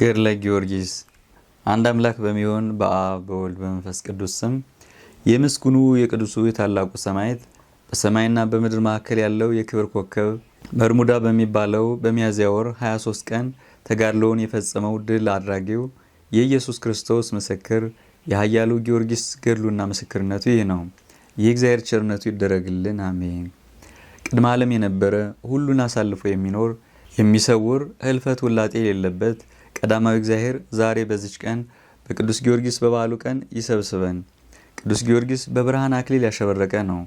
ገድለ ጊዮርጊስ አንድ አምላክ በሚሆን በአብ በወልድ በመንፈስ ቅዱስ ስም የምስጉኑ የቅዱሱ የታላቁ ሰማዕት በሰማይና በምድር መካከል ያለው የክብር ኮከብ በርሙዳ በሚባለው በሚያዝያ ወር 23 ቀን ተጋድሎውን የፈጸመው ድል አድራጊው የኢየሱስ ክርስቶስ ምስክር የኃያሉ ጊዮርጊስ ገድሉና ምስክርነቱ ይህ ነው። የእግዚአብሔር ቸርነቱ ይደረግልን፣ አሜን። ቅድመ ዓለም የነበረ ሁሉን አሳልፎ የሚኖር የሚሰውር ህልፈት ውላጤ የሌለበት ቀዳማዊ እግዚአብሔር ዛሬ በዚች ቀን በቅዱስ ጊዮርጊስ በበዓሉ ቀን ይሰብስበን። ቅዱስ ጊዮርጊስ በብርሃን አክሊል ያሸበረቀ ነው።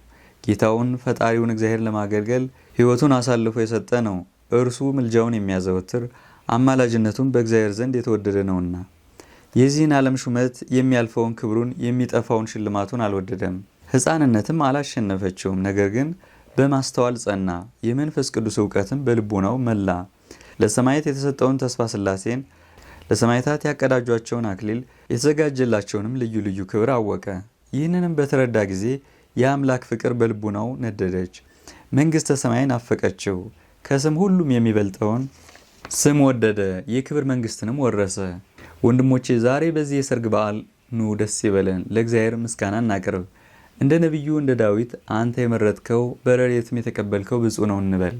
ጌታውን ፈጣሪውን እግዚአብሔር ለማገልገል ሕይወቱን አሳልፎ የሰጠ ነው። እርሱ ምልጃውን የሚያዘወትር አማላጅነቱም በእግዚአብሔር ዘንድ የተወደደ ነውና የዚህን ዓለም ሹመት የሚያልፈውን ክብሩን የሚጠፋውን ሽልማቱን አልወደደም። ሕፃንነትም አላሸነፈችውም። ነገር ግን በማስተዋል ጸና፣ የመንፈስ ቅዱስ እውቀትም በልቡናው መላ። ለሰማየት የተሰጠውን ተስፋ ስላሴን ለሰማዕታት ያቀዳጇቸውን አክሊል የተዘጋጀላቸውንም ልዩ ልዩ ክብር አወቀ። ይህንንም በተረዳ ጊዜ የአምላክ ፍቅር በልቡናው ነደደች፣ መንግሥተ ሰማይን አፈቀችው። ከስም ሁሉም የሚበልጠውን ስም ወደደ፣ የክብር መንግሥትንም ወረሰ። ወንድሞቼ ዛሬ በዚህ የሰርግ በዓል ኑ ደስ ይበለን፣ ለእግዚአብሔር ምስጋና እናቅርብ። እንደ ነቢዩ እንደ ዳዊት አንተ የመረጥከው በረድኤትም የተቀበልከው ብፁ ነው እንበል።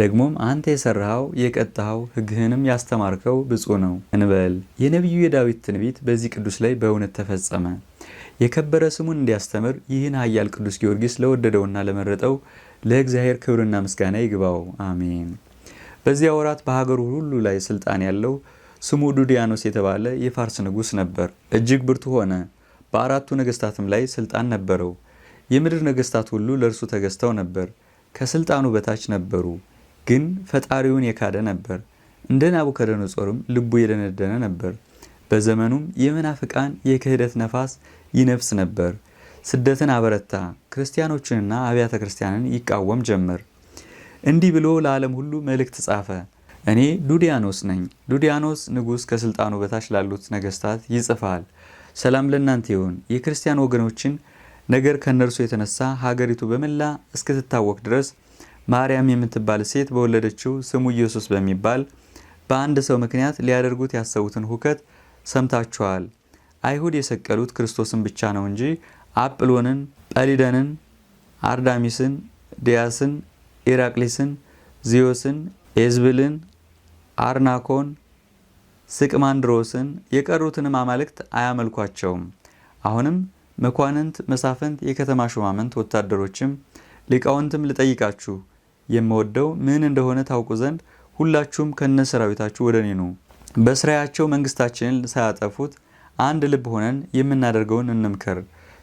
ደግሞም አንተ የሰራኸው የቀጣኸው ሕግህንም ያስተማርከው ብፁ ነው እንበል። የነቢዩ የዳዊት ትንቢት በዚህ ቅዱስ ላይ በእውነት ተፈጸመ። የከበረ ስሙን እንዲያስተምር ይህን ኃያል ቅዱስ ጊዮርጊስ ለወደደውና ለመረጠው ለእግዚአብሔር ክብርና ምስጋና ይግባው፣ አሜን። በዚያ ወራት በሀገሩ ሁሉ ላይ ስልጣን ያለው ስሙ ዱዲያኖስ የተባለ የፋርስ ንጉሥ ነበር። እጅግ ብርቱ ሆነ። በአራቱ ነገሥታትም ላይ ስልጣን ነበረው። የምድር ነገሥታት ሁሉ ለእርሱ ተገዝተው ነበር፣ ከስልጣኑ በታች ነበሩ። ግን ፈጣሪውን የካደ ነበር። እንደ ናቡከደነጾርም ልቡ የደነደነ ነበር። በዘመኑም የመናፍቃን የክህደት ነፋስ ይነፍስ ነበር። ስደትን አበረታ፣ ክርስቲያኖችንና አብያተ ክርስቲያንን ይቃወም ጀመር። እንዲህ ብሎ ለዓለም ሁሉ መልእክት ጻፈ። እኔ ዱዲያኖስ ነኝ። ዱዲያኖስ ንጉሥ ከሥልጣኑ በታች ላሉት ነገሥታት ይጽፋል። ሰላም ለእናንተ ይሁን። የክርስቲያን ወገኖችን ነገር ከእነርሱ የተነሳ ሀገሪቱ በመላ እስክትታወቅ ድረስ ማርያም የምትባል ሴት በወለደችው ስሙ ኢየሱስ በሚባል በአንድ ሰው ምክንያት ሊያደርጉት ያሰቡትን ሁከት ሰምታችኋል። አይሁድ የሰቀሉት ክርስቶስን ብቻ ነው እንጂ አጵሎንን፣ ጰሊደንን፣ አርዳሚስን፣ ዲያስን፣ ኢራቅሊስን፣ ዚዮስን፣ ኤዝብልን፣ አርናኮን፣ ስቅማንድሮስን የቀሩትንም አማልክት አያመልኳቸውም። አሁንም መኳንንት፣ መሳፍንት፣ የከተማ ሹማምንት፣ ወታደሮችም ሊቃውንትም ልጠይቃችሁ የምወደው ምን እንደሆነ ታውቁ ዘንድ ሁላችሁም ከነ ሰራዊታችሁ ወደ እኔ ኑ። በስራያቸው መንግስታችንን ሳያጠፉት አንድ ልብ ሆነን የምናደርገውን እንምከር።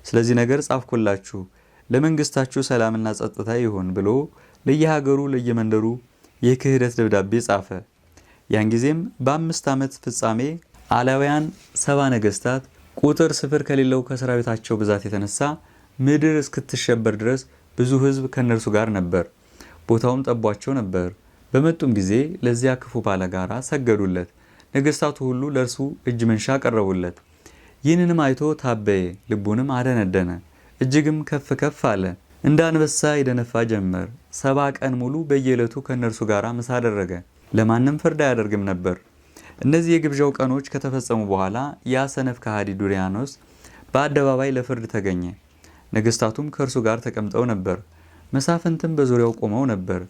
ስለዚህ ነገር ጻፍኩላችሁ ለመንግስታችሁ ሰላምና ጸጥታ ይሁን ብሎ ለየሀገሩ ለየመንደሩ የክህደት ደብዳቤ ጻፈ። ያን ጊዜም በአምስት ዓመት ፍጻሜ አላውያን ሰባ ነገስታት ቁጥር ስፍር ከሌለው ከሰራዊታቸው ብዛት የተነሳ ምድር እስክትሸበር ድረስ ብዙ ህዝብ ከእነርሱ ጋር ነበር። ቦታውም ጠቧቸው ነበር። በመጡም ጊዜ ለዚያ ክፉ ባለጋራ ሰገዱለት። ነገሥታቱ ሁሉ ለእርሱ እጅ መንሻ ቀረቡለት። ይህንንም አይቶ ታበየ፣ ልቡንም አደነደነ፣ እጅግም ከፍ ከፍ አለ። እንደ አንበሳ ይደነፋ ጀመር። ሰባ ቀን ሙሉ በየዕለቱ ከእነርሱ ጋር ምሳ አደረገ። ለማንም ፍርድ አያደርግም ነበር። እነዚህ የግብዣው ቀኖች ከተፈጸሙ በኋላ ያ ሰነፍ ከሃዲ ዱሪያኖስ በአደባባይ ለፍርድ ተገኘ። ነገሥታቱም ከእርሱ ጋር ተቀምጠው ነበር። መሳፍንትም በዙሪያው ቆመው ነበር።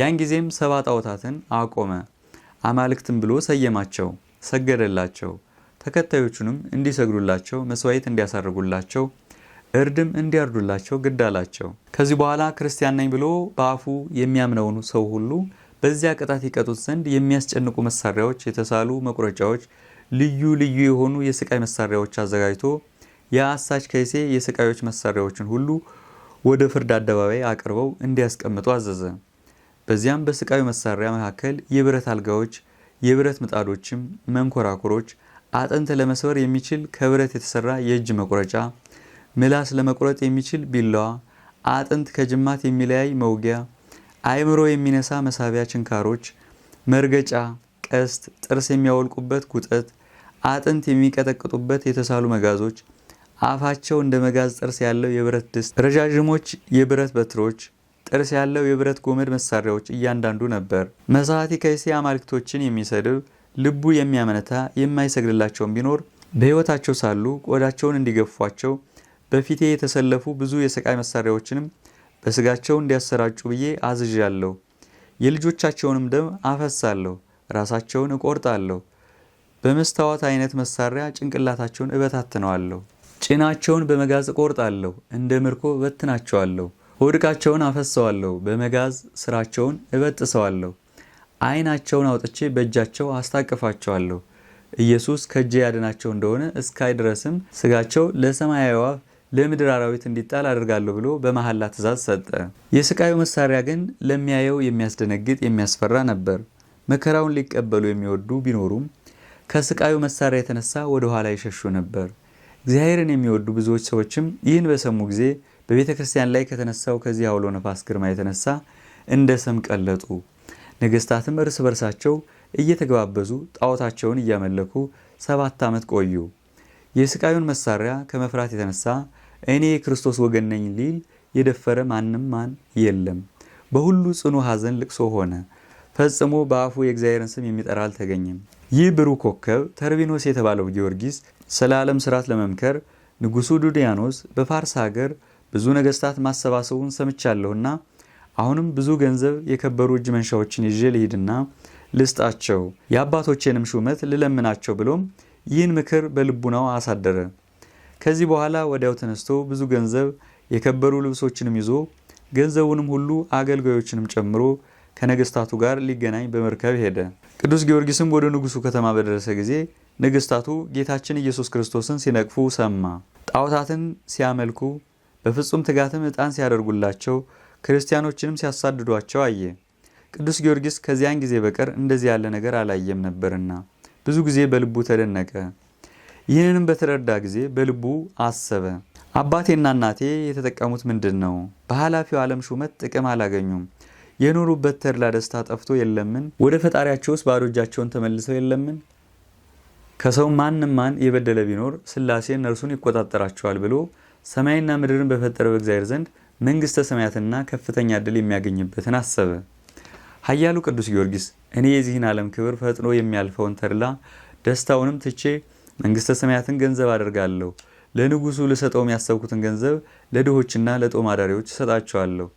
ያን ጊዜም ሰባ ጣዖታትን አቆመ፣ አማልክትም ብሎ ሰየማቸው፣ ሰገደላቸው። ተከታዮቹንም እንዲሰግዱላቸው፣ መስዋዕት እንዲያሳርጉላቸው፣ እርድም እንዲያርዱላቸው ግድ አላቸው። ከዚህ በኋላ ክርስቲያን ነኝ ብሎ በአፉ የሚያምነውን ሰው ሁሉ በዚያ ቅጣት ይቀጡት ዘንድ የሚያስጨንቁ መሳሪያዎች፣ የተሳሉ መቁረጫዎች፣ ልዩ ልዩ የሆኑ የስቃይ መሳሪያዎች አዘጋጅቶ የአሳች ከይሴ የስቃዮች መሳሪያዎችን ሁሉ ወደ ፍርድ አደባባይ አቅርበው እንዲያስቀምጡ አዘዘ። በዚያም በስቃዩ መሳሪያ መካከል የብረት አልጋዎች፣ የብረት ምጣዶችም፣ መንኮራኩሮች፣ አጥንት ለመስበር የሚችል ከብረት የተሰራ የእጅ መቁረጫ፣ ምላስ ለመቁረጥ የሚችል ቢላዋ፣ አጥንት ከጅማት የሚለያይ መውጊያ፣ አእምሮ የሚነሳ መሳቢያ ችንካሮች፣ መርገጫ፣ ቀስት፣ ጥርስ የሚያወልቁበት ጉጠት፣ አጥንት የሚቀጠቅጡበት የተሳሉ መጋዞች አፋቸው እንደ መጋዝ ጥርስ ያለው የብረት ድስት፣ ረዣዥሞች የብረት በትሮች፣ ጥርስ ያለው የብረት ጎመድ መሳሪያዎች እያንዳንዱ ነበር። መሳቲ ከይሴ አማልክቶችን የሚሰድብ ልቡ የሚያመነታ የማይሰግድላቸውም ቢኖር በሕይወታቸው ሳሉ ቆዳቸውን እንዲገፏቸው በፊቴ የተሰለፉ ብዙ የሰቃይ መሳሪያዎችንም በስጋቸው እንዲያሰራጩ ብዬ አዝዣለሁ። የልጆቻቸውንም ደም አፈሳለሁ፣ ራሳቸውን እቆርጣለሁ፣ በመስታወት አይነት መሳሪያ ጭንቅላታቸውን እበታትነዋለሁ። ጭናቸውን በመጋዝ እቆርጣለሁ፣ እንደ ምርኮ እበትናቸዋለሁ። ወድቃቸውን አፈሰዋለሁ፣ በመጋዝ ስራቸውን እበጥሰዋለሁ። ዓይናቸውን አውጥቼ በእጃቸው አስታቅፋቸዋለሁ። ኢየሱስ ከእጄ ያድናቸው እንደሆነ እስካይ ድረስም ስጋቸው ለሰማያዊ አዕዋፍ ለምድር አራዊት እንዲጣል አድርጋለሁ ብሎ በመሐላ ትእዛዝ ሰጠ። የስቃዩ መሳሪያ ግን ለሚያየው የሚያስደነግጥ የሚያስፈራ ነበር። መከራውን ሊቀበሉ የሚወዱ ቢኖሩም ከስቃዩ መሳሪያ የተነሳ ወደ ኋላ ይሸሹ ነበር። እግዚአብሔርን የሚወዱ ብዙዎች ሰዎችም ይህን በሰሙ ጊዜ በቤተ ክርስቲያን ላይ ከተነሳው ከዚህ አውሎ ነፋስ ግርማ የተነሳ እንደ ሰም ቀለጡ። ነገስታትም እርስ በርሳቸው እየተገባበዙ ጣዖታቸውን እያመለኩ ሰባት ዓመት ቆዩ። የስቃዩን መሳሪያ ከመፍራት የተነሳ እኔ የክርስቶስ ወገን ነኝ ሊል የደፈረ ማንም ማን የለም። በሁሉ ጽኑ ሐዘን ልቅሶ ሆነ። ፈጽሞ በአፉ የእግዚአብሔርን ስም የሚጠራ አልተገኘም። ይህ ብሩህ ኮከብ ተርቢኖስ የተባለው ጊዮርጊስ ስለ ዓለም ስርዓት ለመምከር ንጉሱ ዱዲያኖስ በፋርስ ሀገር ብዙ ነገስታት ማሰባሰቡን ሰምቻለሁና አሁንም ብዙ ገንዘብ፣ የከበሩ እጅ መንሻዎችን ይዤ ልሂድና ልስጣቸው፣ የአባቶቼንም ሹመት ልለምናቸው ብሎም ይህን ምክር በልቡናው አሳደረ። ከዚህ በኋላ ወዲያው ተነስቶ ብዙ ገንዘብ፣ የከበሩ ልብሶችንም ይዞ ገንዘቡንም ሁሉ አገልጋዮችንም ጨምሮ ከነገስታቱ ጋር ሊገናኝ በመርከብ ሄደ። ቅዱስ ጊዮርጊስም ወደ ንጉሱ ከተማ በደረሰ ጊዜ ንግሥታቱ ጌታችን ኢየሱስ ክርስቶስን ሲነቅፉ ሰማ። ጣዖታትን ሲያመልኩ በፍጹም ትጋትም ዕጣን ሲያደርጉላቸው ክርስቲያኖችንም ሲያሳድዷቸው አየ። ቅዱስ ጊዮርጊስ ከዚያን ጊዜ በቀር እንደዚህ ያለ ነገር አላየም ነበርና ብዙ ጊዜ በልቡ ተደነቀ። ይህንንም በተረዳ ጊዜ በልቡ አሰበ። አባቴና እናቴ የተጠቀሙት ምንድን ነው? በኃላፊው ዓለም ሹመት ጥቅም አላገኙም። የኖሩበት ተድላ ደስታ ጠፍቶ የለምን? ወደ ፈጣሪያቸውስ ባዶ እጃቸውን ተመልሰው የለምን? ከሰው ማንም ማን የበደለ ቢኖር ስላሴ እነርሱን ይቆጣጠራቸዋል ብሎ ሰማይና ምድርን በፈጠረ በእግዚአብሔር ዘንድ መንግሥተ ሰማያትና ከፍተኛ ዕድል የሚያገኝበትን አሰበ። ኃያሉ ቅዱስ ጊዮርጊስ እኔ የዚህን ዓለም ክብር ፈጥኖ የሚያልፈውን ተድላ ደስታውንም ትቼ መንግሥተ ሰማያትን ገንዘብ አደርጋለሁ። ለንጉሡ ልሰጠውም ያሰብኩትን ገንዘብ ለድሆችና ለጦም አዳሪዎች እሰጣቸዋለሁ።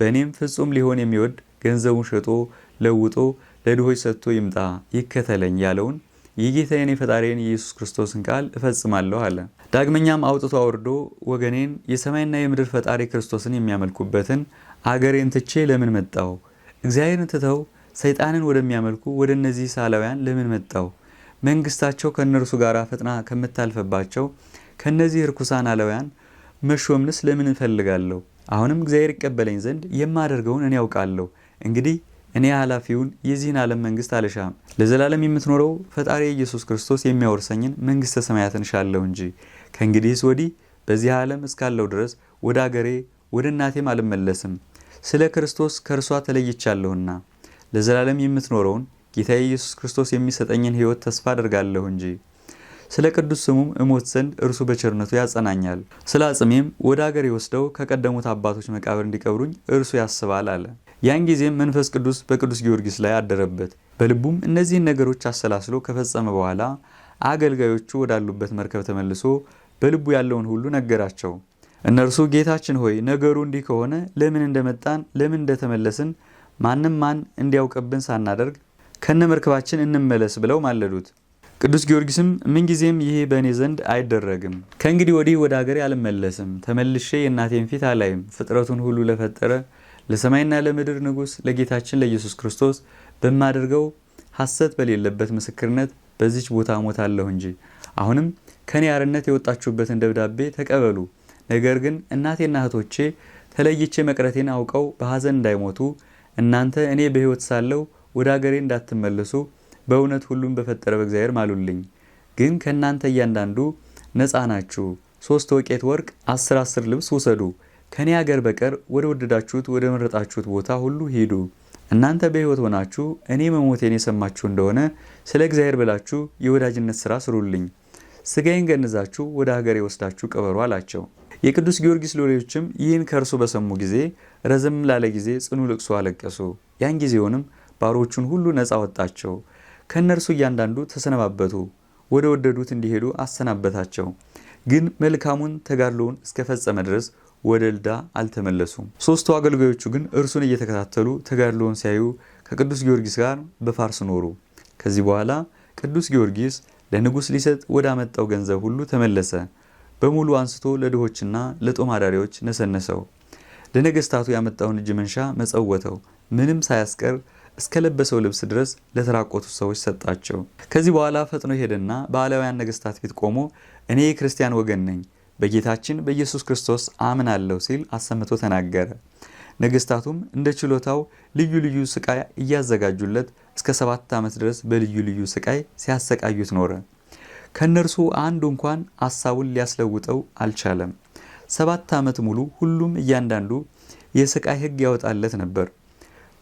በእኔም ፍጹም ሊሆን የሚወድ ገንዘቡን ሸጦ ለውጦ ለድሆች ሰጥቶ ይምጣ ይከተለኝ ያለውን የጌታዬን የፈጣሪን የኢየሱስ ክርስቶስን ቃል እፈጽማለሁ አለ። ዳግመኛም አውጥቶ አውርዶ ወገኔን የሰማይና የምድር ፈጣሪ ክርስቶስን የሚያመልኩበትን አገሬን ትቼ ለምን መጣው? እግዚአብሔርን ትተው ሰይጣንን ወደሚያመልኩ ወደ እነዚህ ሳላውያን ለምን መጣው? መንግስታቸው ከእነርሱ ጋር ፈጥና ከምታልፈባቸው ከእነዚህ እርኩሳን አላውያን መሾምንስ ለምን እፈልጋለሁ? አሁንም እግዚአብሔር ይቀበለኝ ዘንድ የማደርገውን እኔ ያውቃለሁ። እንግዲህ እኔ ኃላፊውን የዚህን ዓለም መንግስት አልሻም፣ ለዘላለም የምትኖረው ፈጣሪ ኢየሱስ ክርስቶስ የሚያወርሰኝን መንግስተ ሰማያትን ሻለው እንጂ ከእንግዲህስ ወዲህ በዚህ ዓለም እስካለው ድረስ ወደ አገሬ ወደ እናቴም አልመለስም፣ ስለ ክርስቶስ ከእርሷ ተለይቻለሁና ለዘላለም የምትኖረውን ጌታ ኢየሱስ ክርስቶስ የሚሰጠኝን ሕይወት ተስፋ አድርጋለሁ እንጂ። ስለ ቅዱስ ስሙም እሞት ዘንድ እርሱ በቸርነቱ ያጸናኛል። ስለ አጽሜም ወደ አገር የወስደው ከቀደሙት አባቶች መቃብር እንዲቀብሩኝ እርሱ ያስባል አለ። ያን ጊዜም መንፈስ ቅዱስ በቅዱስ ጊዮርጊስ ላይ አደረበት። በልቡም እነዚህን ነገሮች አሰላስሎ ከፈጸመ በኋላ አገልጋዮቹ ወዳሉበት መርከብ ተመልሶ በልቡ ያለውን ሁሉ ነገራቸው። እነርሱ ጌታችን ሆይ ነገሩ እንዲህ ከሆነ ለምን እንደመጣን ለምን እንደተመለስን ማንም ማን እንዲያውቅብን ሳናደርግ ከነ መርከባችን እንመለስ ብለው ማለዱት። ቅዱስ ጊዮርጊስም ምንጊዜም ይሄ በእኔ ዘንድ አይደረግም፣ ከእንግዲህ ወዲህ ወደ አገሬ አልመለስም፣ ተመልሼ የእናቴን ፊት አላይም፣ ፍጥረቱን ሁሉ ለፈጠረ ለሰማይና ለምድር ንጉሥ ለጌታችን ለኢየሱስ ክርስቶስ በማደርገው ሐሰት በሌለበት ምስክርነት በዚች ቦታ ሞታለሁ እንጂ አሁንም ከኔ አርነት የወጣችሁበትን ደብዳቤ ተቀበሉ። ነገር ግን እናቴና እህቶቼ ተለይቼ መቅረቴን አውቀው በሐዘን እንዳይሞቱ እናንተ እኔ በሕይወት ሳለሁ ወደ አገሬ እንዳትመለሱ በእውነት ሁሉም በፈጠረ በእግዚአብሔር ማሉልኝ። ግን ከእናንተ እያንዳንዱ ነፃ ናችሁ። ሶስት ወቄት ወርቅ፣ አስር አስር ልብስ ውሰዱ። ከእኔ አገር በቀር ወደ ወደዳችሁት ወደ መረጣችሁት ቦታ ሁሉ ሂዱ። እናንተ በሕይወት ሆናችሁ እኔ መሞቴን የሰማችሁ እንደሆነ ስለ እግዚአብሔር ብላችሁ የወዳጅነት ሥራ ስሩልኝ። ሥጋዬን ገንዛችሁ ወደ ሀገር የወስዳችሁ ቅበሩ አላቸው። የቅዱስ ጊዮርጊስ ሎሌዎችም ይህን ከእርሱ በሰሙ ጊዜ ረዘም ላለ ጊዜ ጽኑ ልቅሶ አለቀሱ። ያን ጊዜውንም ባሮቹን ሁሉ ነፃ ወጣቸው። ከእነርሱ እያንዳንዱ ተሰነባበቱ፣ ወደ ወደዱት እንዲሄዱ አሰናበታቸው። ግን መልካሙን ተጋድሎውን እስከፈጸመ ድረስ ወደ ልዳ አልተመለሱም። ሶስቱ አገልጋዮቹ ግን እርሱን እየተከታተሉ ተጋድሎውን ሲያዩ ከቅዱስ ጊዮርጊስ ጋር በፋርስ ኖሩ። ከዚህ በኋላ ቅዱስ ጊዮርጊስ ለንጉሥ ሊሰጥ ወዳመጣው ገንዘብ ሁሉ ተመለሰ። በሙሉ አንስቶ ለድሆችና ለጦም አዳሪዎች ነሰነሰው። ለነገስታቱ ያመጣውን እጅ መንሻ መጸወተው። ምንም ሳያስቀር እስከለበሰው ልብስ ድረስ ለተራቆቱ ሰዎች ሰጣቸው። ከዚህ በኋላ ፈጥኖ ሄደና በአላውያን ነገስታት ፊት ቆሞ እኔ የክርስቲያን ወገን ነኝ በጌታችን በኢየሱስ ክርስቶስ አምናለሁ ሲል አሰምቶ ተናገረ። ነገስታቱም እንደ ችሎታው ልዩ ልዩ ስቃይ እያዘጋጁለት እስከ ሰባት ዓመት ድረስ በልዩ ልዩ ስቃይ ሲያሰቃዩት ኖረ። ከእነርሱ አንዱ እንኳን ሐሳቡን ሊያስለውጠው አልቻለም። ሰባት ዓመት ሙሉ ሁሉም እያንዳንዱ የስቃይ ሕግ ያወጣለት ነበር።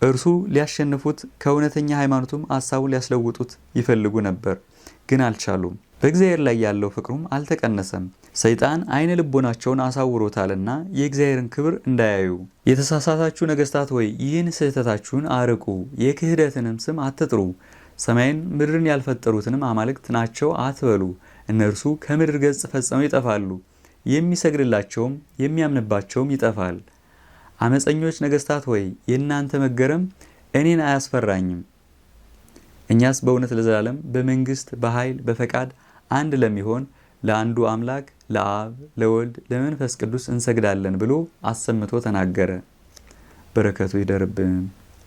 እርሱ ሊያሸንፉት ከእውነተኛ ሃይማኖቱም ሐሳቡን ሊያስለውጡት ይፈልጉ ነበር፣ ግን አልቻሉም። በእግዚአብሔር ላይ ያለው ፍቅሩም አልተቀነሰም። ሰይጣን አይነ ልቦናቸውን አሳውሮታልና የእግዚአብሔርን ክብር እንዳያዩ። የተሳሳታችሁ ነገስታት ሆይ ይህን ስህተታችሁን አርቁ፣ የክህደትንም ስም አትጥሩ። ሰማይን ምድርን ያልፈጠሩትንም አማልክት ናቸው አትበሉ። እነርሱ ከምድር ገጽ ፈጽመው ይጠፋሉ፣ የሚሰግድላቸውም የሚያምንባቸውም ይጠፋል። አመፀኞች ነገስታት ሆይ የእናንተ መገረም እኔን አያስፈራኝም። እኛስ በእውነት ለዘላለም በመንግስት በኃይል በፈቃድ አንድ ለሚሆን ለአንዱ አምላክ ለአብ ለወልድ ለመንፈስ ቅዱስ እንሰግዳለን ብሎ አሰምቶ ተናገረ። በረከቱ ይደርብን።